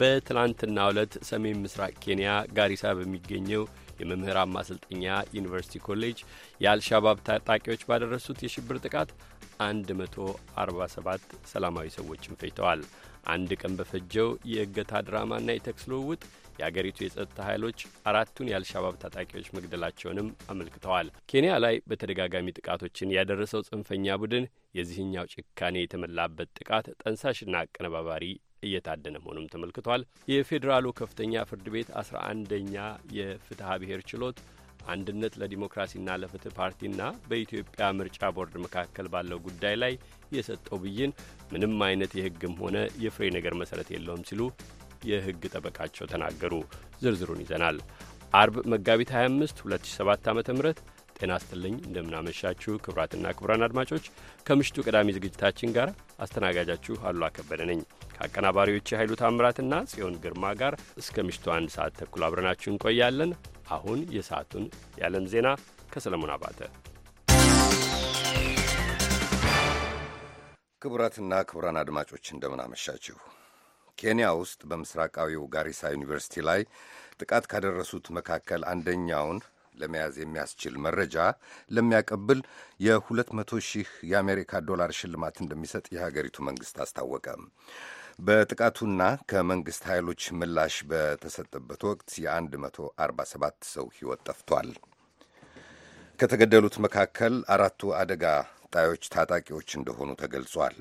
በትላንትና ዕለት ሰሜን ምስራቅ ኬንያ ጋሪሳ በሚገኘው የመምህራን ማሰልጠኛ ዩኒቨርሲቲ ኮሌጅ የአልሻባብ ታጣቂዎች ባደረሱት የሽብር ጥቃት 147 ሰላማዊ ሰዎችን ፈጅተዋል። አንድ ቀን በፈጀው የእገታ ድራማና የተኩስ ልውውጥ የአገሪቱ የጸጥታ ኃይሎች አራቱን የአልሻባብ ታጣቂዎች መግደላቸውንም አመልክተዋል። ኬንያ ላይ በተደጋጋሚ ጥቃቶችን ያደረሰው ጽንፈኛ ቡድን የዚህኛው ጭካኔ የተመላበት ጥቃት ጠንሳሽና አቀነባባሪ እየታደነ መሆኑም ተመልክቷል። የፌዴራሉ ከፍተኛ ፍርድ ቤት አስራ አንደኛ የፍትሐ ብሔር ችሎት አንድነት ለዲሞክራሲና ለፍትህ ፓርቲና በኢትዮጵያ ምርጫ ቦርድ መካከል ባለው ጉዳይ ላይ የሰጠው ብይን ምንም አይነት የሕግም ሆነ የፍሬ ነገር መሰረት የለውም ሲሉ የሕግ ጠበቃቸው ተናገሩ። ዝርዝሩን ይዘናል። አርብ መጋቢት 25 2007 ዓ ም ጤና ይስጥልኝ። እንደምናመሻችሁ ክቡራትና ክቡራን አድማጮች ከምሽቱ ቀዳሚ ዝግጅታችን ጋር አስተናጋጃችሁ አሉላ ከበደ ነኝ። ከአቀናባሪዎች የኃይሉ ታምራትና ጽዮን ግርማ ጋር እስከ ምሽቱ አንድ ሰዓት ተኩል አብረናችሁ እንቆያለን። አሁን የሰዓቱን የዓለም ዜና ከሰለሞን አባተ። ክቡራትና ክቡራን አድማጮች እንደምን አመሻችሁ። ኬንያ ውስጥ በምስራቃዊው ጋሪሳ ዩኒቨርሲቲ ላይ ጥቃት ካደረሱት መካከል አንደኛውን ለመያዝ የሚያስችል መረጃ ለሚያቀብል የ200 ሺህ የአሜሪካ ዶላር ሽልማት እንደሚሰጥ የሀገሪቱ መንግሥት አስታወቀ። በጥቃቱና ከመንግሥት ኃይሎች ምላሽ በተሰጠበት ወቅት የ147 ሰው ሕይወት ጠፍቷል። ከተገደሉት መካከል አራቱ አደጋ ጣዮች ታጣቂዎች እንደሆኑ ተገልጿል።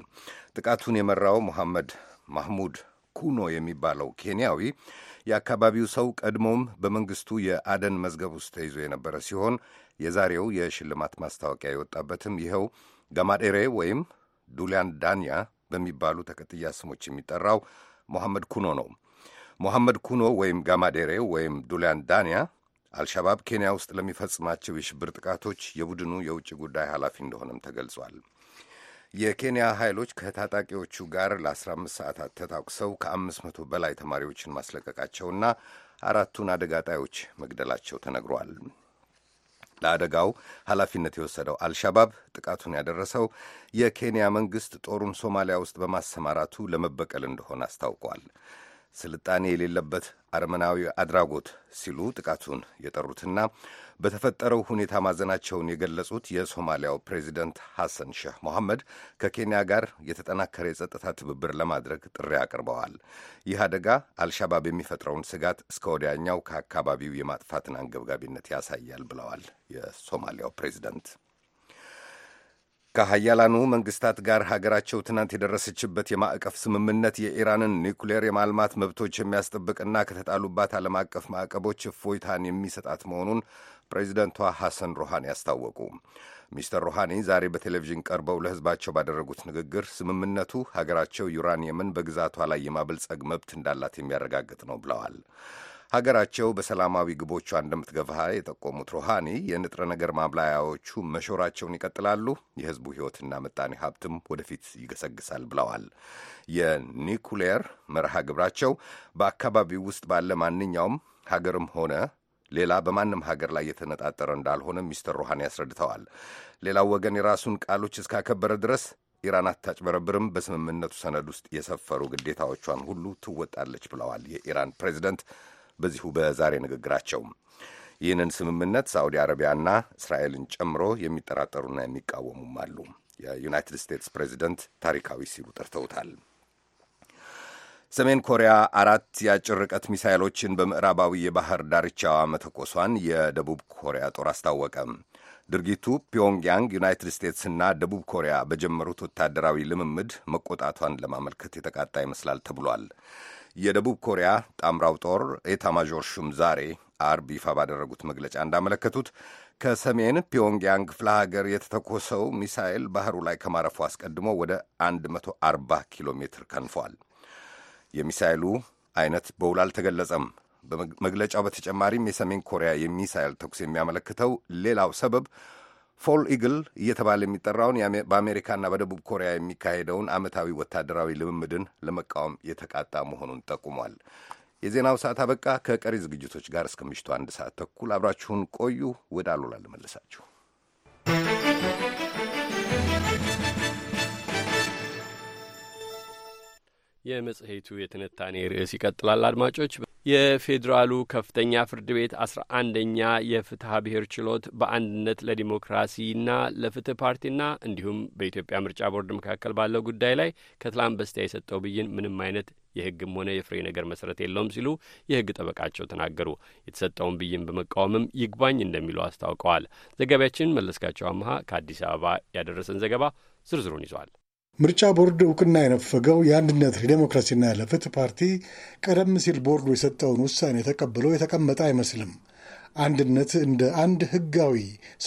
ጥቃቱን የመራው መሐመድ ማህሙድ ኩኖ የሚባለው ኬንያዊ የአካባቢው ሰው ቀድሞም በመንግስቱ የአደን መዝገብ ውስጥ ተይዞ የነበረ ሲሆን የዛሬው የሽልማት ማስታወቂያ የወጣበትም ይኸው ገማዴሬ ወይም ዱሊያን ዳንያ በሚባሉ ተከትያ ስሞች የሚጠራው ሞሐመድ ኩኖ ነው። ሞሐመድ ኩኖ ወይም ጋማዴሬ ወይም ዱሊያን ዳንያ አልሻባብ ኬንያ ውስጥ ለሚፈጽማቸው የሽብር ጥቃቶች የቡድኑ የውጭ ጉዳይ ኃላፊ እንደሆነም ተገልጿል። የኬንያ ኃይሎች ከታጣቂዎቹ ጋር ለ15 ሰዓታት ተታኩሰው ከ500 በላይ ተማሪዎችን ማስለቀቃቸውና አራቱን አደጋ ጣዮች መግደላቸው ተነግሯል። ለአደጋው ኃላፊነት የወሰደው አልሻባብ ጥቃቱን ያደረሰው የኬንያ መንግሥት ጦሩን ሶማሊያ ውስጥ በማሰማራቱ ለመበቀል እንደሆነ አስታውቋል። ስልጣኔ የሌለበት አርመናዊ አድራጎት ሲሉ ጥቃቱን የጠሩትና በተፈጠረው ሁኔታ ማዘናቸውን የገለጹት የሶማሊያው ፕሬዚደንት ሐሰን ሼህ መሐመድ ከኬንያ ጋር የተጠናከረ የጸጥታ ትብብር ለማድረግ ጥሪ አቅርበዋል። ይህ አደጋ አልሻባብ የሚፈጥረውን ስጋት እስከ ወዲያኛው ከአካባቢው የማጥፋትን አንገብጋቢነት ያሳያል ብለዋል የሶማሊያው ፕሬዚደንት። ከሀያላኑ መንግስታት ጋር ሀገራቸው ትናንት የደረሰችበት የማዕቀፍ ስምምነት የኢራንን ኒውክሌር የማልማት መብቶች የሚያስጠብቅና ከተጣሉባት ዓለም አቀፍ ማዕቀቦች እፎይታን የሚሰጣት መሆኑን ፕሬዚደንቷ ሐሰን ሮሃኒ አስታወቁ። ሚስተር ሮሃኒ ዛሬ በቴሌቪዥን ቀርበው ለሕዝባቸው ባደረጉት ንግግር ስምምነቱ ሀገራቸው ዩራኒየምን በግዛቷ ላይ የማበልጸግ መብት እንዳላት የሚያረጋግጥ ነው ብለዋል። ሀገራቸው በሰላማዊ ግቦቿ እንደምትገፋ የጠቆሙት ሮሃኒ የንጥረ ነገር ማብላያዎቹ መሾራቸውን ይቀጥላሉ፣ የህዝቡ ህይወትና ምጣኔ ሀብትም ወደፊት ይገሰግሳል ብለዋል። የኒኩሌር መርሃ ግብራቸው በአካባቢው ውስጥ ባለ ማንኛውም ሀገርም ሆነ ሌላ በማንም ሀገር ላይ የተነጣጠረ እንዳልሆነ ሚስተር ሮሃኒ አስረድተዋል። ሌላው ወገን የራሱን ቃሎች እስካከበረ ድረስ ኢራን አታጭበረብርም፣ በስምምነቱ ሰነድ ውስጥ የሰፈሩ ግዴታዎቿን ሁሉ ትወጣለች ብለዋል የኢራን ፕሬዚደንት በዚሁ በዛሬ ንግግራቸው። ይህንን ስምምነት ሳዑዲ አረቢያና እስራኤልን ጨምሮ የሚጠራጠሩና የሚቃወሙም አሉ። የዩናይትድ ስቴትስ ፕሬዚደንት ታሪካዊ ሲሉ ጠርተውታል። ሰሜን ኮሪያ አራት የአጭር ርቀት ሚሳይሎችን በምዕራባዊ የባህር ዳርቻዋ መተኮሷን የደቡብ ኮሪያ ጦር አስታወቀ። ድርጊቱ ፒዮንግያንግ ዩናይትድ ስቴትስና ደቡብ ኮሪያ በጀመሩት ወታደራዊ ልምምድ መቆጣቷን ለማመልከት የተቃጣ ይመስላል ተብሏል። የደቡብ ኮሪያ ጣምራው ጦር ኤታማዦር ሹም ዛሬ አርብ ይፋ ባደረጉት መግለጫ እንዳመለከቱት ከሰሜን ፒዮንግያንግ ክፍለ ሀገር የተተኮሰው ሚሳኤል ባህሩ ላይ ከማረፉ አስቀድሞ ወደ 140 ኪሎ ሜትር ከንፏል። የሚሳኤሉ አይነት በውል አልተገለጸም። በመግለጫው በተጨማሪም የሰሜን ኮሪያ የሚሳኤል ተኩስ የሚያመለክተው ሌላው ሰበብ ፎል ኢግል እየተባለ የሚጠራውን በአሜሪካና በደቡብ ኮሪያ የሚካሄደውን ዓመታዊ ወታደራዊ ልምምድን ለመቃወም የተቃጣ መሆኑን ጠቁሟል። የዜናው ሰዓት አበቃ። ከቀሪ ዝግጅቶች ጋር እስከ ምሽቱ አንድ ሰዓት ተኩል አብራችሁን ቆዩ። ወደ አሉላ ልመልሳችሁ። የመጽሔቱ የትንታኔ ርዕስ ይቀጥላል። አድማጮች፣ የፌዴራሉ ከፍተኛ ፍርድ ቤት አስራ አንደኛ የፍትሐ ብሔር ችሎት በአንድነት ለዲሞክራሲና ለፍትህ ፓርቲና እንዲሁም በኢትዮጵያ ምርጫ ቦርድ መካከል ባለው ጉዳይ ላይ ከትላንት በስቲያ የሰጠው ብይን ምንም አይነት የህግም ሆነ የፍሬ ነገር መሰረት የለውም ሲሉ የህግ ጠበቃቸው ተናገሩ። የተሰጠውን ብይን በመቃወምም ይግባኝ እንደሚሉ አስታውቀዋል። ዘጋቢያችን መለስካቸው አመሀ ከአዲስ አበባ ያደረሰን ዘገባ ዝርዝሩን ይዟል። ምርጫ ቦርድ እውቅና የነፈገው የአንድነት ለዲሞክራሲና ለፍትህ ፓርቲ ቀደም ሲል ቦርዱ የሰጠውን ውሳኔ ተቀብሎ የተቀመጠ አይመስልም። አንድነት እንደ አንድ ህጋዊ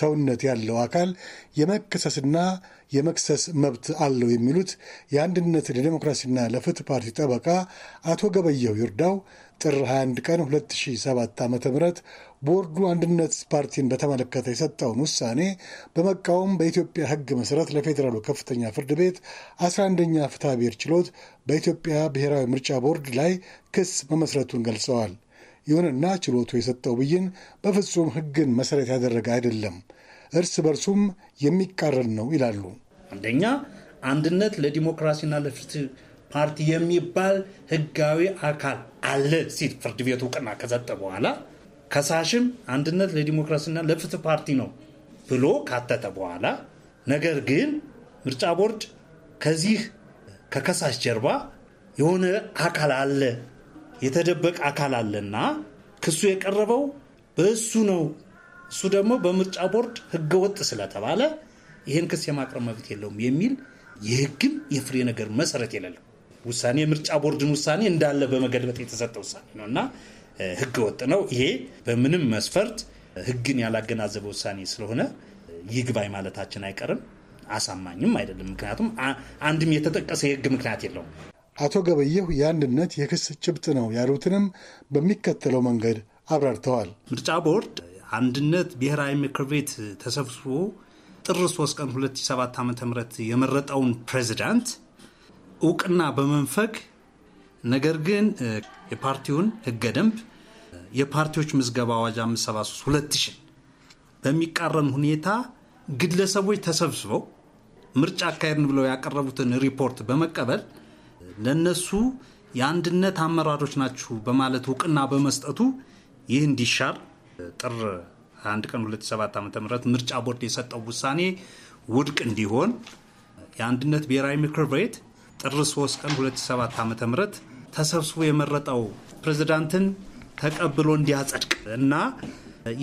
ሰውነት ያለው አካል የመከሰስና የመክሰስ መብት አለው የሚሉት የአንድነት ለዲሞክራሲና ለፍትህ ፓርቲ ጠበቃ አቶ ገበየሁ ይርዳው ጥር 21 ቀን 2007 ዓ.ም ቦርዱ አንድነት ፓርቲን በተመለከተ የሰጠውን ውሳኔ በመቃወም በኢትዮጵያ ሕግ መሠረት ለፌዴራሉ ከፍተኛ ፍርድ ቤት 11ኛ ፍትሐ ብሔር ችሎት በኢትዮጵያ ብሔራዊ ምርጫ ቦርድ ላይ ክስ መመስረቱን ገልጸዋል። ይሁንና ችሎቱ የሰጠው ብይን በፍጹም ሕግን መሠረት ያደረገ አይደለም፣ እርስ በርሱም የሚቃረን ነው ይላሉ። አንደኛ አንድነት ለዲሞክራሲና ለፍትህ ፓርቲ የሚባል ህጋዊ አካል አለ ሲል ፍርድ ቤት እውቅና ከሰጠ በኋላ ከሳሽም አንድነት ለዲሞክራሲና ለፍትህ ፓርቲ ነው ብሎ ካተተ በኋላ ነገር ግን ምርጫ ቦርድ ከዚህ ከከሳሽ ጀርባ የሆነ አካል አለ፣ የተደበቀ አካል አለና ክሱ የቀረበው በእሱ ነው። እሱ ደግሞ በምርጫ ቦርድ ህገወጥ ስለተባለ ይህን ክስ የማቅረብ መብት የለውም የሚል የህግም የፍሬ ነገር መሰረት የሌለው ውሳኔ የምርጫ ቦርድን ውሳኔ እንዳለ በመገልበጥ የተሰጠ ውሳኔ ነው እና ወጥ ነው። ይሄ በምንም መስፈርት ህግን ያላገናዘበ ውሳኔ ስለሆነ ይግባኝ ማለታችን አይቀርም። አሳማኝም አይደለም። ምክንያቱም አንድም የተጠቀሰ የህግ ምክንያት የለውም። አቶ ገበየሁ የአንድነት የክስ ጭብጥ ነው ያሉትንም በሚከተለው መንገድ አብራርተዋል። ምርጫ ቦርድ አንድነት ብሔራዊ ምክር ቤት ተሰብስቦ ጥር 3 ቀን 2007 ዓ ም የመረጠውን ፕሬዚዳንት እውቅና በመንፈግ ነገር ግን የፓርቲውን ህገ ደንብ የፓርቲዎች ምዝገባ አዋጅ 573 2000 በሚቃረን ሁኔታ ግለሰቦች ተሰብስበው ምርጫ አካሄድን ብለው ያቀረቡትን ሪፖርት በመቀበል ለነሱ የአንድነት አመራሮች ናችሁ በማለት እውቅና በመስጠቱ ይህ እንዲሻር ጥር 1 ቀን 27 ዓ ም ምርጫ ቦርድ የሰጠው ውሳኔ ውድቅ እንዲሆን የአንድነት ብሔራዊ ምክር ቤት ጥር 3 ቀን 27 ዓ ም ተሰብስቦ የመረጠው ፕሬዝዳንትን ተቀብሎ እንዲያጸድቅ እና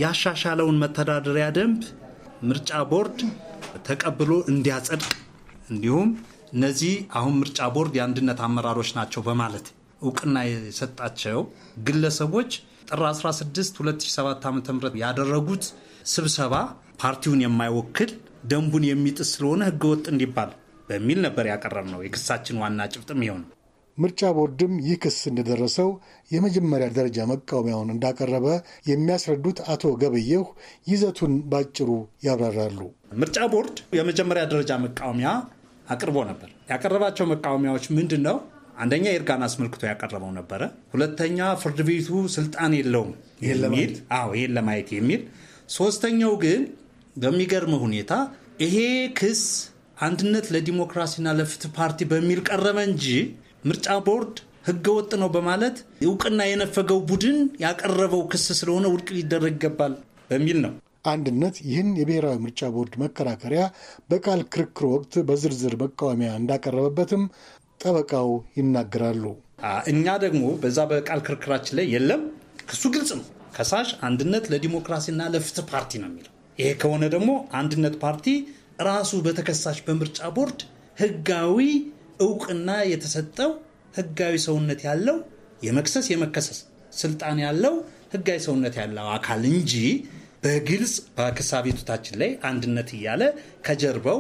ያሻሻለውን መተዳደሪያ ደንብ ምርጫ ቦርድ ተቀብሎ እንዲያጸድቅ እንዲሁም እነዚህ አሁን ምርጫ ቦርድ የአንድነት አመራሮች ናቸው በማለት እውቅና የሰጣቸው ግለሰቦች ጥር 16 2007 ዓ ም ያደረጉት ስብሰባ ፓርቲውን የማይወክል ደንቡን የሚጥስ ስለሆነ ህገወጥ እንዲባል በሚል ነበር ያቀረብ ነው። የክሳችን ዋና ጭብጥም ይሆን። ምርጫ ቦርድም ይህ ክስ እንደደረሰው የመጀመሪያ ደረጃ መቃወሚያውን እንዳቀረበ የሚያስረዱት አቶ ገበየሁ ይዘቱን ባጭሩ ያብራራሉ። ምርጫ ቦርድ የመጀመሪያ ደረጃ መቃወሚያ አቅርቦ ነበር። ያቀረባቸው መቃወሚያዎች ምንድን ነው? አንደኛ የእርጋን አስመልክቶ ያቀረበው ነበረ። ሁለተኛ ፍርድ ቤቱ ስልጣን የለውም የሚል አዎ፣ ይህን ለማየት የሚል ሶስተኛው ግን በሚገርም ሁኔታ ይሄ ክስ አንድነት ለዲሞክራሲና ለፍትህ ፓርቲ በሚል ቀረበ እንጂ ምርጫ ቦርድ ህገወጥ ነው በማለት እውቅና የነፈገው ቡድን ያቀረበው ክስ ስለሆነ ውድቅ ሊደረግ ይገባል በሚል ነው። አንድነት ይህን የብሔራዊ ምርጫ ቦርድ መከራከሪያ በቃል ክርክር ወቅት በዝርዝር መቃወሚያ እንዳቀረበበትም ጠበቃው ይናገራሉ። እኛ ደግሞ በዛ በቃል ክርክራችን ላይ የለም፣ ክሱ ግልጽ ነው። ከሳሽ አንድነት ለዲሞክራሲና ለፍትህ ፓርቲ ነው የሚለው። ይሄ ከሆነ ደግሞ አንድነት ፓርቲ ራሱ በተከሳሽ በምርጫ ቦርድ ህጋዊ እውቅና የተሰጠው ህጋዊ ሰውነት ያለው የመክሰስ የመከሰስ ስልጣን ያለው ህጋዊ ሰውነት ያለው አካል እንጂ በግልጽ በክስ አቤቱታችን ላይ አንድነት እያለ ከጀርባው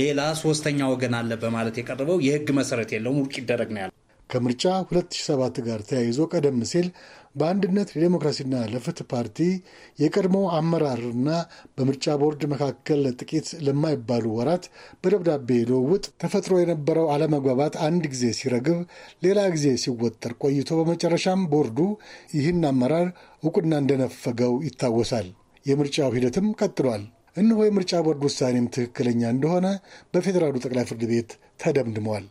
ሌላ ሶስተኛ ወገን አለ በማለት የቀረበው የህግ መሰረት የለውም፣ ውድቅ ይደረግ ነው ያለው። ከምርጫ 2007 ጋር ተያይዞ ቀደም ሲል በአንድነት ለዴሞክራሲና ለፍትህ ፓርቲ የቀድሞ አመራርና በምርጫ ቦርድ መካከል ጥቂት ለማይባሉ ወራት በደብዳቤ ልውውጥ ተፈጥሮ የነበረው አለመግባባት አንድ ጊዜ ሲረግብ፣ ሌላ ጊዜ ሲወጠር ቆይቶ በመጨረሻም ቦርዱ ይህን አመራር እውቅና እንደነፈገው ይታወሳል። የምርጫው ሂደትም ቀጥሏል። እነሆ የምርጫ ቦርድ ውሳኔም ትክክለኛ እንደሆነ በፌዴራሉ ጠቅላይ ፍርድ ቤት ተደምድሟል።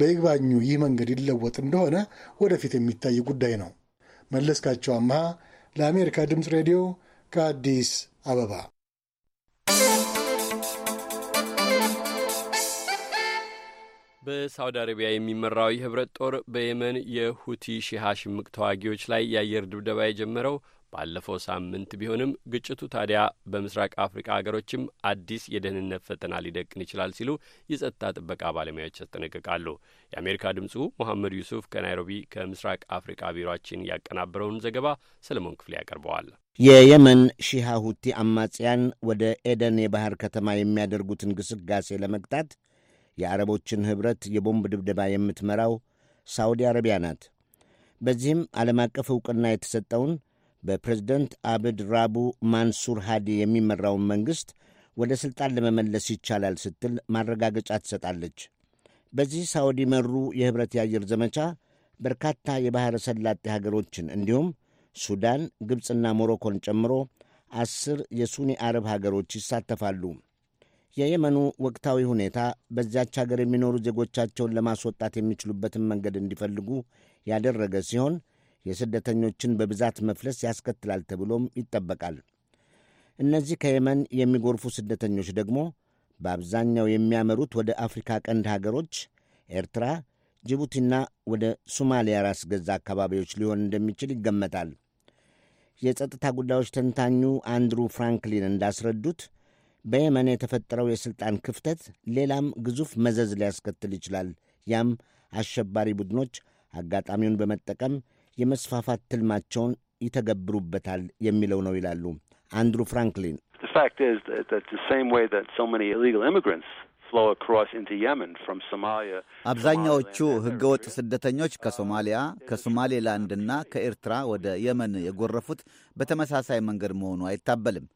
በይግባኙ ይህ መንገድ ይለወጥ እንደሆነ ወደፊት የሚታይ ጉዳይ ነው። መለስካቸው አምሃ ለአሜሪካ ድምፅ ሬዲዮ ከአዲስ አበባ። በሳውዲ አረቢያ የሚመራው የህብረት ጦር በየመን የሁቲ ሺሃ ሽምቅ ተዋጊዎች ላይ የአየር ድብደባ የጀመረው ባለፈው ሳምንት ቢሆንም ግጭቱ ታዲያ በምስራቅ አፍሪካ አገሮችም አዲስ የደህንነት ፈተና ሊደቅን ይችላል ሲሉ የጸጥታ ጥበቃ ባለሙያዎች ያስጠነቅቃሉ። የአሜሪካ ድምጹ ሞሐመድ ዩሱፍ ከናይሮቢ ከምስራቅ አፍሪካ ቢሮችን ያቀናበረውን ዘገባ ሰለሞን ክፍሌ ያቀርበዋል። የየመን ሺሃ ሁቲ አማጽያን ወደ ኤደን የባህር ከተማ የሚያደርጉትን ግስጋሴ ለመግታት የአረቦችን ኅብረት የቦምብ ድብደባ የምትመራው ሳውዲ አረቢያ ናት። በዚህም ዓለም አቀፍ ዕውቅና የተሰጠውን በፕሬዝደንት አብድ ራቡ ማንሱር ሃዲ የሚመራውን መንግሥት ወደ ሥልጣን ለመመለስ ይቻላል ስትል ማረጋገጫ ትሰጣለች። በዚህ ሳውዲ መሩ የኅብረት የአየር ዘመቻ በርካታ የባሕረ ሰላጤ ሀገሮችን እንዲሁም ሱዳን፣ ግብፅና ሞሮኮን ጨምሮ አስር የሱኒ አረብ ሀገሮች ይሳተፋሉ። የየመኑ ወቅታዊ ሁኔታ በዚያች ሀገር የሚኖሩ ዜጎቻቸውን ለማስወጣት የሚችሉበትን መንገድ እንዲፈልጉ ያደረገ ሲሆን የስደተኞችን በብዛት መፍለስ ያስከትላል ተብሎም ይጠበቃል። እነዚህ ከየመን የሚጎርፉ ስደተኞች ደግሞ በአብዛኛው የሚያመሩት ወደ አፍሪካ ቀንድ ሀገሮች፣ ኤርትራ፣ ጅቡቲና ወደ ሶማሊያ ራስ ገዛ አካባቢዎች ሊሆን እንደሚችል ይገመታል። የጸጥታ ጉዳዮች ተንታኙ አንድሩ ፍራንክሊን እንዳስረዱት በየመን የተፈጠረው የሥልጣን ክፍተት ሌላም ግዙፍ መዘዝ ሊያስከትል ይችላል። ያም አሸባሪ ቡድኖች አጋጣሚውን በመጠቀም የመስፋፋት ትልማቸውን ይተገብሩበታል የሚለው ነው ይላሉ አንድሩ ፍራንክሊን። አብዛኛዎቹ ሕገወጥ ስደተኞች ከሶማሊያ ከሶማሌላንድና ከኤርትራ ወደ የመን የጎረፉት በተመሳሳይ መንገድ መሆኑ አይታበልም።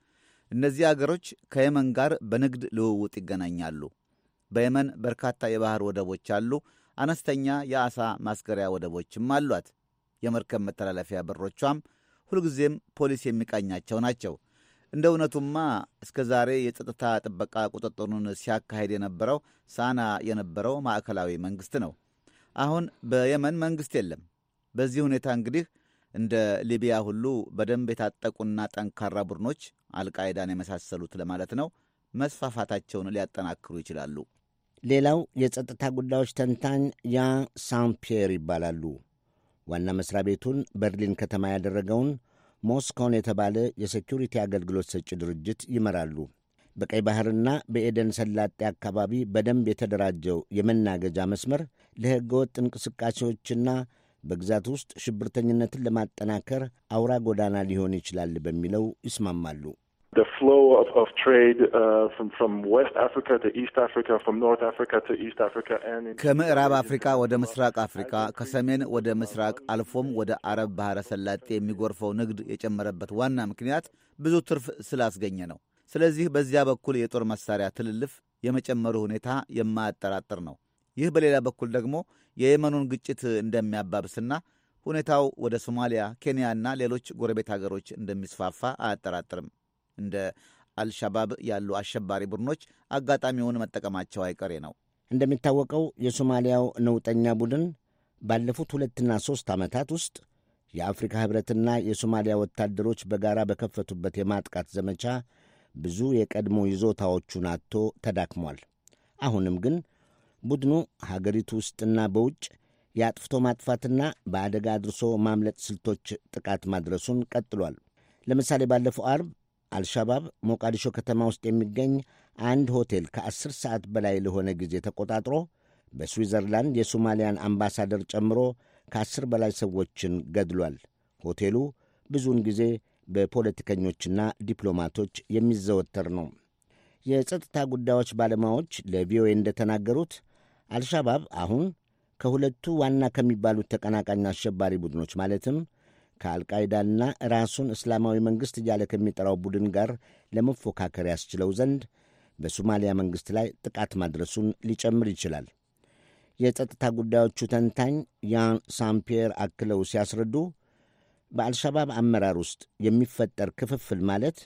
እነዚህ አገሮች ከየመን ጋር በንግድ ልውውጥ ይገናኛሉ። በየመን በርካታ የባህር ወደቦች አሉ። አነስተኛ የአሳ ማስገሪያ ወደቦችም አሏት። የመርከብ መተላለፊያ በሮቿም ሁልጊዜም ፖሊስ የሚቃኛቸው ናቸው። እንደ እውነቱማ እስከ ዛሬ የጸጥታ ጥበቃ ቁጥጥሩን ሲያካሄድ የነበረው ሳና የነበረው ማዕከላዊ መንግሥት ነው። አሁን በየመን መንግሥት የለም። በዚህ ሁኔታ እንግዲህ እንደ ሊቢያ ሁሉ በደንብ የታጠቁና ጠንካራ ቡድኖች አልቃይዳን የመሳሰሉት ለማለት ነው መስፋፋታቸውን ሊያጠናክሩ ይችላሉ። ሌላው የጸጥታ ጉዳዮች ተንታኝ ያን ሳምፒየር ይባላሉ። ዋና መስሪያ ቤቱን በርሊን ከተማ ያደረገውን ሞስኮን የተባለ የሴኪሪቲ አገልግሎት ሰጪ ድርጅት ይመራሉ። በቀይ ባሕርና በኤደን ሰላጤ አካባቢ በደንብ የተደራጀው የመናገጃ መስመር ለሕገወጥ እንቅስቃሴዎችና በግዛት ውስጥ ሽብርተኝነትን ለማጠናከር አውራ ጎዳና ሊሆን ይችላል በሚለው ይስማማሉ። the flow of, of trade uh, from, from West Africa to East Africa, from North Africa to East Africa and ከምዕራብ አፍሪካ ወደ ምስራቅ አፍሪካ ከሰሜን ወደ ምስራቅ አልፎም ወደ አረብ ባህረ ሰላጤ የሚጎርፈው ንግድ የጨመረበት ዋና ምክንያት ብዙ ትርፍ ስላስገኘ ነው። ስለዚህ በዚያ በኩል የጦር መሳሪያ ትልልፍ የመጨመሩ ሁኔታ የማያጠራጥር ነው። ይህ በሌላ በኩል ደግሞ የየመኑን ግጭት እንደሚያባብስና ሁኔታው ወደ ሶማሊያ፣ ኬንያና ሌሎች ጎረቤት አገሮች እንደሚስፋፋ አያጠራጥርም። እንደ አልሻባብ ያሉ አሸባሪ ቡድኖች አጋጣሚውን መጠቀማቸው አይቀሬ ነው። እንደሚታወቀው የሶማሊያው ነውጠኛ ቡድን ባለፉት ሁለትና ሦስት ዓመታት ውስጥ የአፍሪካ ኅብረትና የሶማሊያ ወታደሮች በጋራ በከፈቱበት የማጥቃት ዘመቻ ብዙ የቀድሞ ይዞታዎቹን አጥቶ ተዳክሟል። አሁንም ግን ቡድኑ ሀገሪቱ ውስጥና በውጭ የአጥፍቶ ማጥፋትና በአደጋ አድርሶ ማምለጥ ስልቶች ጥቃት ማድረሱን ቀጥሏል። ለምሳሌ ባለፈው አርብ አልሻባብ ሞቃዲሾ ከተማ ውስጥ የሚገኝ አንድ ሆቴል ከአስር ሰዓት በላይ ለሆነ ጊዜ ተቆጣጥሮ በስዊዘርላንድ የሶማሊያን አምባሳደር ጨምሮ ከአስር በላይ ሰዎችን ገድሏል። ሆቴሉ ብዙውን ጊዜ በፖለቲከኞችና ዲፕሎማቶች የሚዘወተር ነው። የጸጥታ ጉዳዮች ባለሙያዎች ለቪኦኤ እንደተናገሩት አልሻባብ አሁን ከሁለቱ ዋና ከሚባሉት ተቀናቃኝ አሸባሪ ቡድኖች ማለትም ከአልቃይዳና ራሱን እስላማዊ መንግሥት እያለ ከሚጠራው ቡድን ጋር ለመፎካከር ያስችለው ዘንድ በሶማሊያ መንግሥት ላይ ጥቃት ማድረሱን ሊጨምር ይችላል። የጸጥታ ጉዳዮቹ ተንታኝ ያን ሳምፒየር አክለው ሲያስረዱ በአልሻባብ አመራር ውስጥ የሚፈጠር ክፍፍል ማለት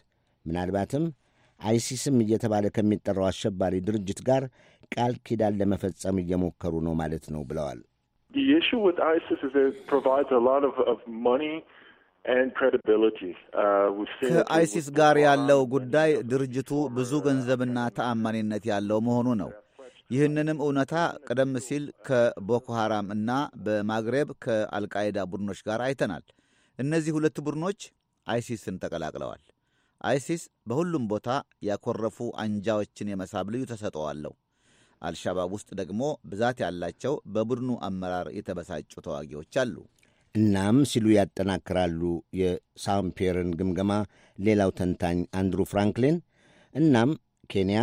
ምናልባትም አይሲስም እየተባለ ከሚጠራው አሸባሪ ድርጅት ጋር ቃል ኪዳን ለመፈጸም እየሞከሩ ነው ማለት ነው ብለዋል። The issue with ISIS is it provides a lot of, of money uh, ከአይሲስ ጋር ያለው ጉዳይ ድርጅቱ ብዙ ገንዘብና ተአማኒነት ያለው መሆኑ ነው። ይህንንም እውነታ ቀደም ሲል ከቦኮ ሐራም እና በማግሬብ ከአልቃይዳ ቡድኖች ጋር አይተናል። እነዚህ ሁለት ቡድኖች አይሲስን ተቀላቅለዋል። አይሲስ በሁሉም ቦታ ያኮረፉ አንጃዎችን የመሳብ ልዩ ተሰጠዋለሁ። አልሻባብ ውስጥ ደግሞ ብዛት ያላቸው በቡድኑ አመራር የተበሳጩ ተዋጊዎች አሉ። እናም ሲሉ ያጠናክራሉ የሳምፔርን ግምገማ ሌላው ተንታኝ አንድሩ ፍራንክሊን። እናም ኬንያ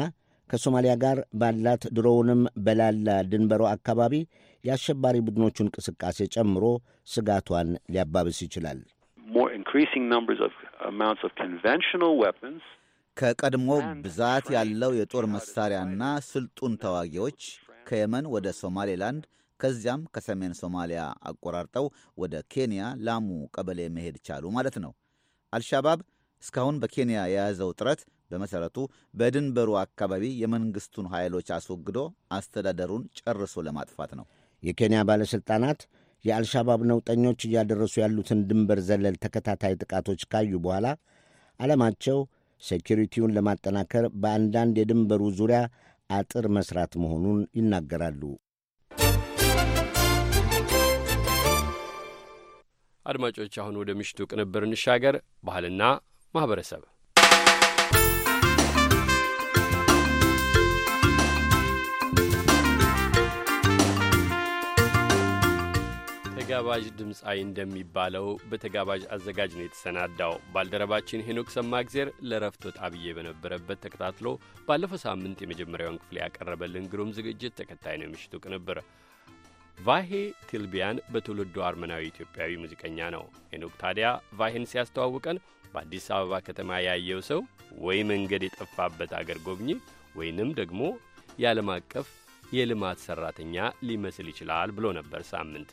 ከሶማሊያ ጋር ባላት ድሮውንም በላላ ድንበሯ አካባቢ የአሸባሪ ቡድኖቹ እንቅስቃሴ ጨምሮ ስጋቷን ሊያባብስ ይችላል። ከቀድሞ ብዛት ያለው የጦር መሳሪያና ስልጡን ተዋጊዎች ከየመን ወደ ሶማሌላንድ ከዚያም ከሰሜን ሶማሊያ አቆራርጠው ወደ ኬንያ ላሙ ቀበሌ መሄድ ቻሉ ማለት ነው። አልሻባብ እስካሁን በኬንያ የያዘው ጥረት በመሠረቱ በድንበሩ አካባቢ የመንግሥቱን ኃይሎች አስወግዶ አስተዳደሩን ጨርሶ ለማጥፋት ነው። የኬንያ ባለሥልጣናት የአልሻባብ ነውጠኞች እያደረሱ ያሉትን ድንበር ዘለል ተከታታይ ጥቃቶች ካዩ በኋላ ዓለማቸው ሴኪሪቲውን ለማጠናከር በአንዳንድ የድንበሩ ዙሪያ አጥር መስራት መሆኑን ይናገራሉ። አድማጮች፣ አሁን ወደ ምሽቱ ቅንብር እንሻገር። ባህልና ማህበረሰብ ተጋባዥ ድምፃዊ እንደሚባለው በተጋባዥ አዘጋጅ ነው የተሰናዳው። ባልደረባችን ሄኖክ ሰማእግዜር ለረፍት ወጣ በነበረበት ተከታትሎ ባለፈው ሳምንት የመጀመሪያውን ክፍል ያቀረበልን ግሩም ዝግጅት ተከታይ ነው የምሽቱ ቅንብር። ቫሄ ቲልቢያን በትውልዱ አርመናዊ ኢትዮጵያዊ ሙዚቀኛ ነው። ሄኖክ ታዲያ ቫሄን ሲያስተዋውቀን በአዲስ አበባ ከተማ ያየው ሰው ወይ መንገድ የጠፋበት አገር ጎብኚ ወይንም ደግሞ የዓለም አቀፍ የልማት ሰራተኛ ሊመስል ይችላል ብሎ ነበር። ሳምንት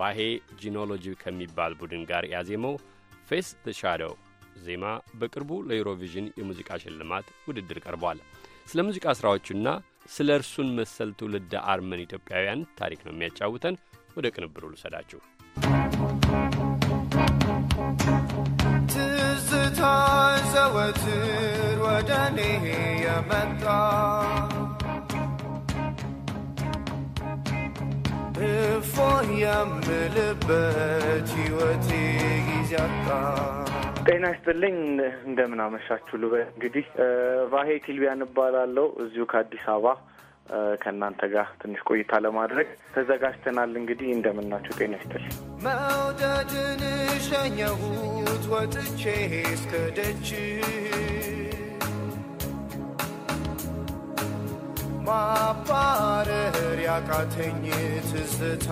ቫሄ ጂኖሎጂ ከሚባል ቡድን ጋር ያዜመው ፌስ ተ ሻዶው ዜማ በቅርቡ ለዩሮቪዥን የሙዚቃ ሽልማት ውድድር ቀርቧል። ስለ ሙዚቃ ሥራዎቹና ስለ እርሱን መሰል ትውልድ አርመን ኢትዮጵያውያን ታሪክ ነው የሚያጫውተን። ወደ ቅንብሩ ልውሰዳችሁ። ትዝታ ዘወትር ወደ እኔ የመጣ ጤና ይስጥልኝ እንደምን አመሻችሁ ልበል። እንግዲህ ቫሄ ቲልቢያ እባላለሁ እዚሁ ከአዲስ አበባ ከእናንተ ጋር ትንሽ ቆይታ ለማድረግ ተዘጋጅተናል። እንግዲህ እንደምናችሁ ጤና ይስጥል። መውደድን ሸኘሁት ወጥቼ እስከ ማባ ያቃተኝ ትዝታ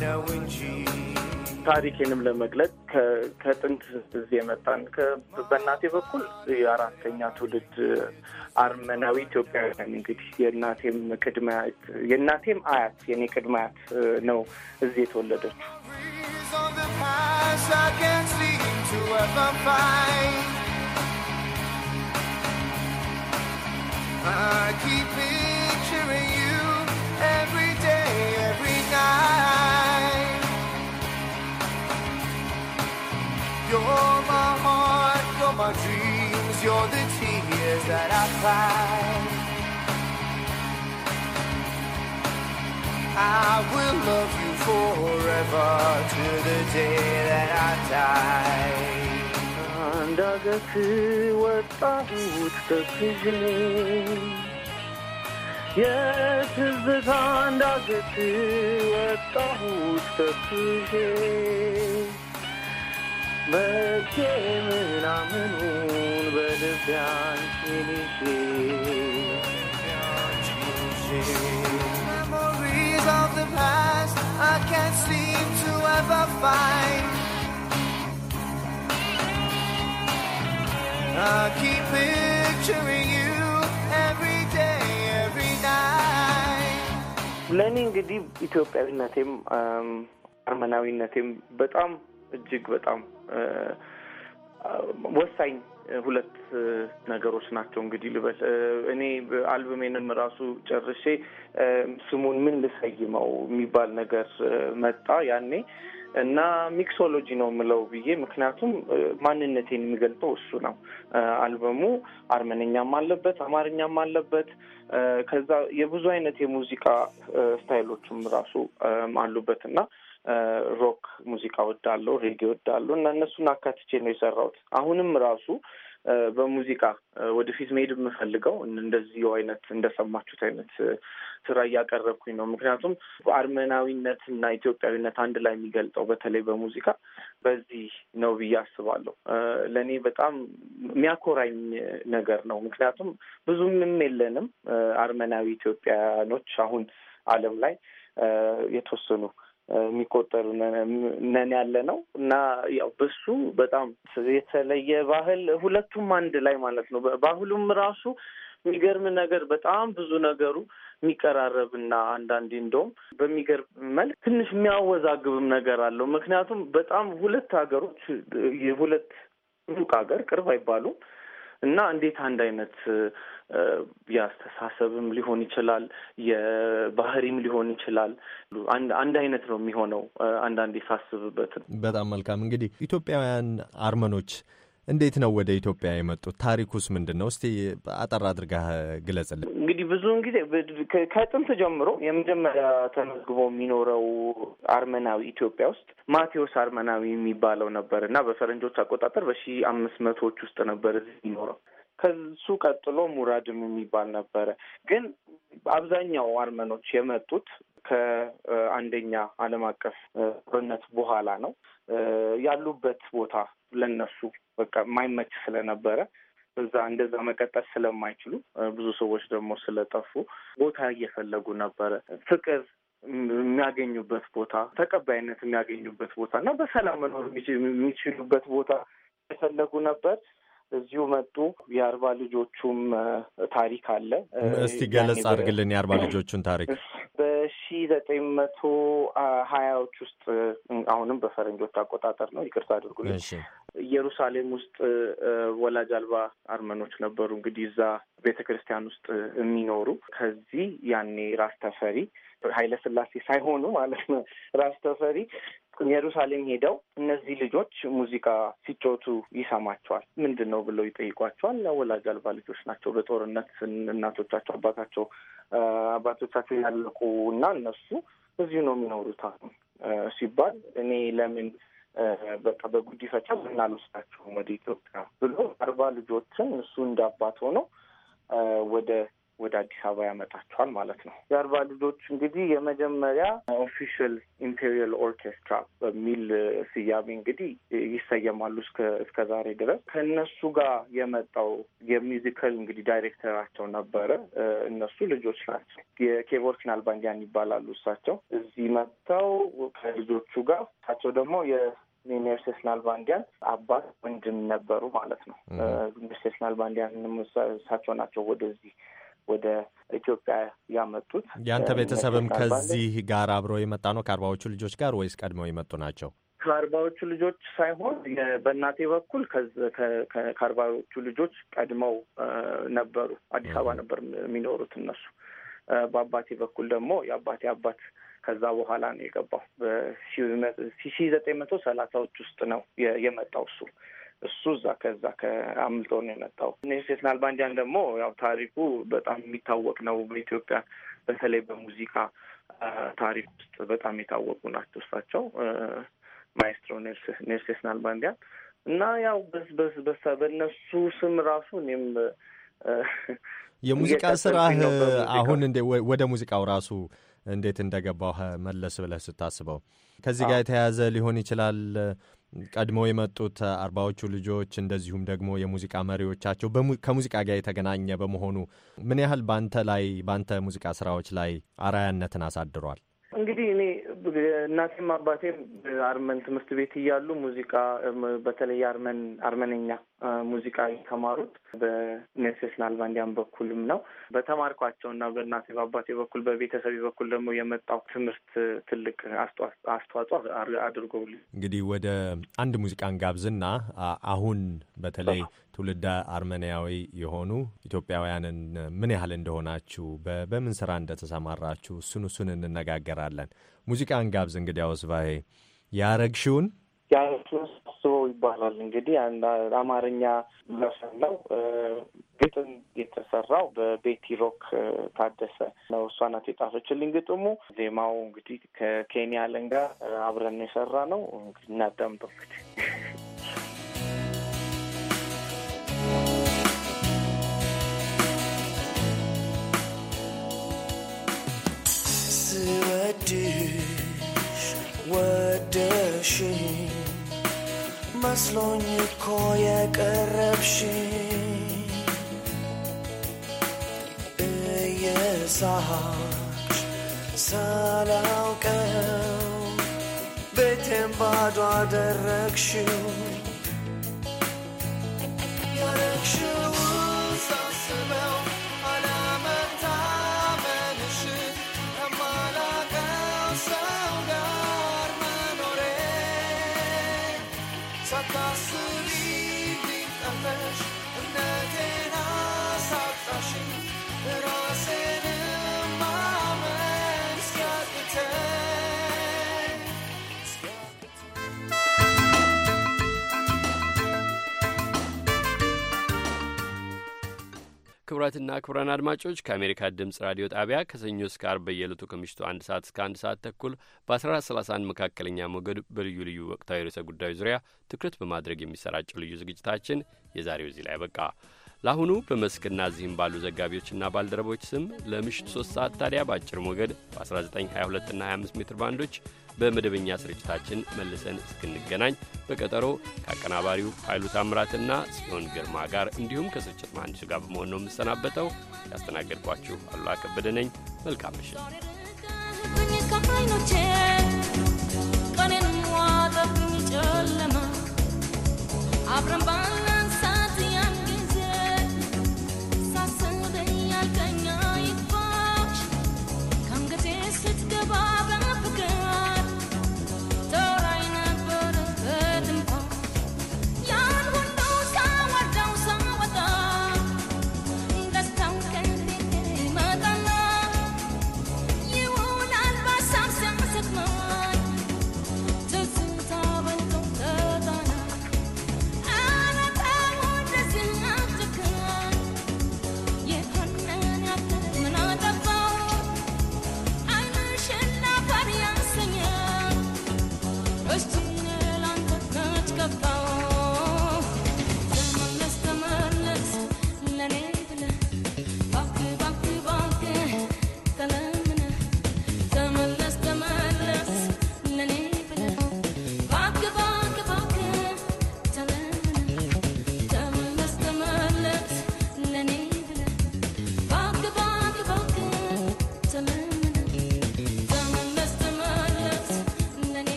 ነው እንጂ ታሪኬንም ለመግለጽ ከጥንት እዚህ የመጣን በእናቴ በኩል የአራተኛ ትውልድ አርመናዊ ኢትዮጵያውያን እንግዲህ የእናቴም ቅድመ አያት የእናቴም አያት የኔ ቅድመ አያት ነው እዚህ የተወለደችው። every day, every night. You're my heart, you're my dreams, you're the tears that I cry. I will love you forever to the day that I die. the 那个滋味伴舞的飞行。Yes, داغتی the تاوت of the two من the Memories of the past I can't seem to ever find I keep picturing you ለእኔ እንግዲህ ኢትዮጵያዊነቴም አርመናዊነቴም በጣም እጅግ በጣም ወሳኝ ሁለት ነገሮች ናቸው። እንግዲህ ልበል እኔ አልበሜንም ራሱ ጨርሼ ስሙን ምን ልሰይመው የሚባል ነገር መጣ ያኔ እና ሚክሶሎጂ ነው የምለው ብዬ ምክንያቱም ማንነቴን የሚገልጠው እሱ ነው። አልበሙ አርመነኛም አለበት፣ አማርኛም አለበት። ከዛ የብዙ አይነት የሙዚቃ ስታይሎችም ራሱ አሉበት እና ሮክ ሙዚቃ ወዳለው፣ ሬጌ ወዳለው እና እነሱን አካትቼ ነው የሰራሁት። አሁንም ራሱ በሙዚቃ ወደፊት መሄድ የምፈልገው እንደዚሁ አይነት እንደሰማችሁት አይነት ስራ እያቀረብኩኝ ነው። ምክንያቱም አርመናዊነት እና ኢትዮጵያዊነት አንድ ላይ የሚገልጠው በተለይ በሙዚቃ በዚህ ነው ብዬ አስባለሁ። ለእኔ በጣም የሚያኮራኝ ነገር ነው። ምክንያቱም ብዙምም የለንም አርመናዊ ኢትዮጵያኖች አሁን ዓለም ላይ የተወሰኑ የሚቆጠር ነን ያለ ነው እና ያው በሱ በጣም የተለየ ባህል ሁለቱም አንድ ላይ ማለት ነው። ባህሉም ራሱ የሚገርም ነገር በጣም ብዙ ነገሩ የሚቀራረብ እና አንዳንዴ እንደውም በሚገርም መልክ ትንሽ የሚያወዛግብም ነገር አለው። ምክንያቱም በጣም ሁለት ሀገሮች የሁለት ሩቅ ሀገር ቅርብ አይባሉም እና እንዴት አንድ አይነት የአስተሳሰብም ሊሆን ይችላል፣ የባህሪም ሊሆን ይችላል። አንድ አይነት ነው የሚሆነው። አንዳንዴ ሳስብበት በጣም መልካም እንግዲህ ኢትዮጵያውያን አርመኖች እንዴት ነው ወደ ኢትዮጵያ የመጡት? ታሪኩስ ምንድን ነው? እስቲ አጠር አድርጋህ ግለጽልን። እንግዲህ ብዙውን ጊዜ ከጥንት ጀምሮ የመጀመሪያ ተመዝግቦ የሚኖረው አርመናዊ ኢትዮጵያ ውስጥ ማቴዎስ አርመናዊ የሚባለው ነበር እና በፈረንጆች አቆጣጠር በሺህ አምስት መቶዎች ውስጥ ነበር እዚህ የሚኖረው ከሱ ቀጥሎ ሙራድም የሚባል ነበረ። ግን አብዛኛው አርመኖች የመጡት ከአንደኛ ዓለም አቀፍ ጦርነት በኋላ ነው። ያሉበት ቦታ ለነሱ በቃ የማይመች ስለነበረ እዛ እንደዛ መቀጠል ስለማይችሉ ብዙ ሰዎች ደግሞ ስለጠፉ ቦታ እየፈለጉ ነበረ ፍቅር የሚያገኙበት ቦታ፣ ተቀባይነት የሚያገኙበት ቦታ እና በሰላም መኖር የሚችሉበት ቦታ የፈለጉ ነበር። እዚሁ መጡ። የአርባ ልጆቹም ታሪክ አለ። እስቲ ገለጽ አድርግልን የአርባ ልጆቹን ታሪክ። በሺ ዘጠኝ መቶ ሀያዎች ውስጥ አሁንም በፈረንጆች አቆጣጠር ነው፣ ይቅርታ አድርጉልኝ። ኢየሩሳሌም ውስጥ ወላጅ አልባ አርመኖች ነበሩ። እንግዲህ እዛ ቤተ ክርስቲያን ውስጥ የሚኖሩ ከዚህ ያኔ ራስ ተፈሪ ኃይለ ስላሴ ሳይሆኑ ማለት ነው ራስ ተፈሪ ኢየሩሳሌም ሄደው እነዚህ ልጆች ሙዚቃ ሲጮቱ ይሰማቸዋል። ምንድን ነው ብለው ይጠይቋቸዋል። ወላጅ አልባ ልጆች ናቸው። በጦርነት እናቶቻቸው አባታቸው አባቶቻቸው ያለቁ እና እነሱ እዚሁ ነው የሚኖሩት ሲባል እኔ ለምን በቃ በጉዲፈቻ እናልወስዳቸውም ወደ ኢትዮጵያ ብሎ አርባ ልጆችን እሱ እንደ አባት ሆነው ወደ ወደ አዲስ አበባ ያመጣቸዋል ማለት ነው። የአርባ ልጆች እንግዲህ የመጀመሪያ ኦፊሻል ኢምፔሪያል ኦርኬስትራ በሚል ስያሜ እንግዲህ ይሰየማሉ እስከ እስከ ዛሬ ድረስ ከእነሱ ጋር የመጣው የሚውዚካል እንግዲህ ዳይሬክተራቸው ነበረ። እነሱ ልጆች ናቸው። የኬቦርኪን አልባንዲያን ይባላሉ። እሳቸው እዚህ መጥተው ከልጆቹ ጋር እሳቸው ደግሞ የ ዩኒቨርሲቲ ናልባንዲያን አባት ወንድም ነበሩ ማለት ነው። ዩኒቨርሲቲ ናልባንዲያን እሳቸው ናቸው ወደዚህ ወደ ኢትዮጵያ ያመጡት። ያንተ ቤተሰብም ከዚህ ጋር አብሮ የመጣ ነው ከአርባዎቹ ልጆች ጋር ወይስ ቀድመው የመጡ ናቸው? ከአርባዎቹ ልጆች ሳይሆን በእናቴ በኩል ከአርባዎቹ ልጆች ቀድመው ነበሩ። አዲስ አበባ ነበር የሚኖሩት እነሱ። በአባቴ በኩል ደግሞ የአባቴ አባት ከዛ በኋላ ነው የገባው። በሺ ዘጠኝ መቶ ሰላሳዎች ውስጥ ነው የመጣው እሱ። እሱ እዛ ከዛ ከአምልጦ ነው የመጣው። ኔልሰን ናልባንዲያን ደግሞ ያው ታሪኩ በጣም የሚታወቅ ነው በኢትዮጵያ በተለይ በሙዚቃ ታሪክ ውስጥ በጣም የታወቁ ናቸው እሳቸው ማኤስትሮ ኔልሰን ናልባንዲያን እና ያው በእነሱ ስም ራሱ እኔም የሙዚቃ ስራህ አሁን እንዴ ወደ ሙዚቃው ራሱ እንዴት እንደገባው መለስ ብለህ ስታስበው ከዚህ ጋር የተያያዘ ሊሆን ይችላል። ቀድመው የመጡት አርባዎቹ ልጆች እንደዚሁም ደግሞ የሙዚቃ መሪዎቻቸው ከሙዚቃ ጋር የተገናኘ በመሆኑ ምን ያህል ባንተ ላይ ባንተ ሙዚቃ ስራዎች ላይ አራያነትን አሳድሯል? እንግዲህ እኔ እናቴም አባቴም አርመን ትምህርት ቤት እያሉ ሙዚቃ በተለይ አርመን አርመነኛ ሙዚቃ የተማሩት በኔሴሽናል ባንዲያን በኩልም ነው በተማርኳቸው እና በእናቴ በአባቴ በኩል በቤተሰብ በኩል ደግሞ የመጣው ትምህርት ትልቅ አስተዋጽኦ አድርጎል። እንግዲህ ወደ አንድ ሙዚቃን ጋብዝና አሁን በተለይ ትውልደ አርመንያዊ የሆኑ ኢትዮጵያውያንን ምን ያህል እንደሆናችሁ በምን ስራ እንደተሰማራችሁ እሱን እሱን እንነጋገራለን። ሙዚቃን ጋብዝ እንግዲህ አወስባዬ ያረግሽውን ያረግሽውን አስበው ይባላል። እንግዲህ አማርኛ ዘፈን ነው። ግጥም የተሰራው በቤቲ ሮክ ታደሰ ነው። እሷ ናት የጻፈችልኝ ግጥሙ። ዜማው እንግዲህ ከኬንያ ለን ጋር አብረን የሰራ ነው። እናዳምጠው እንግዲህ ስወድሽ ወደሽኝ መስሎኝ እኮ የቀረብሽ እየሳች ሳላውቀው ቤቴን ባዶ አደረግሽው ያረግሽው ክቡራትና ክቡራን አድማጮች ከአሜሪካ ድምጽ ራዲዮ ጣቢያ ከሰኞ እስከ አርብ በየዕለቱ ከምሽቱ አንድ ሰዓት እስከ አንድ ሰዓት ተኩል በ1431 መካከለኛ ሞገድ በልዩ ልዩ ወቅታዊ ርዕሰ ጉዳዮች ዙሪያ ትኩረት በማድረግ የሚሰራጨው ልዩ ዝግጅታችን የዛሬው እዚህ ላይ በቃ። ለአሁኑ በመስክና እዚህም ባሉ ዘጋቢዎችና ባልደረቦች ስም ለምሽቱ 3 ሰዓት ታዲያ በአጭር ሞገድ በ1922 እና 25 ሜትር ባንዶች በመደበኛ ስርጭታችን መልሰን እስክንገናኝ በቀጠሮ ከአቀናባሪው ኃይሉ ታምራትና ጽዮን ግርማ ጋር እንዲሁም ከስርጭት መሐንዲሱ ጋር በመሆን ነው የምሰናበተው። ያስተናገድኳችሁ አሉላ ከበደ ነኝ። መልካም ምሽት። ቀኔን ጨለማ አብረን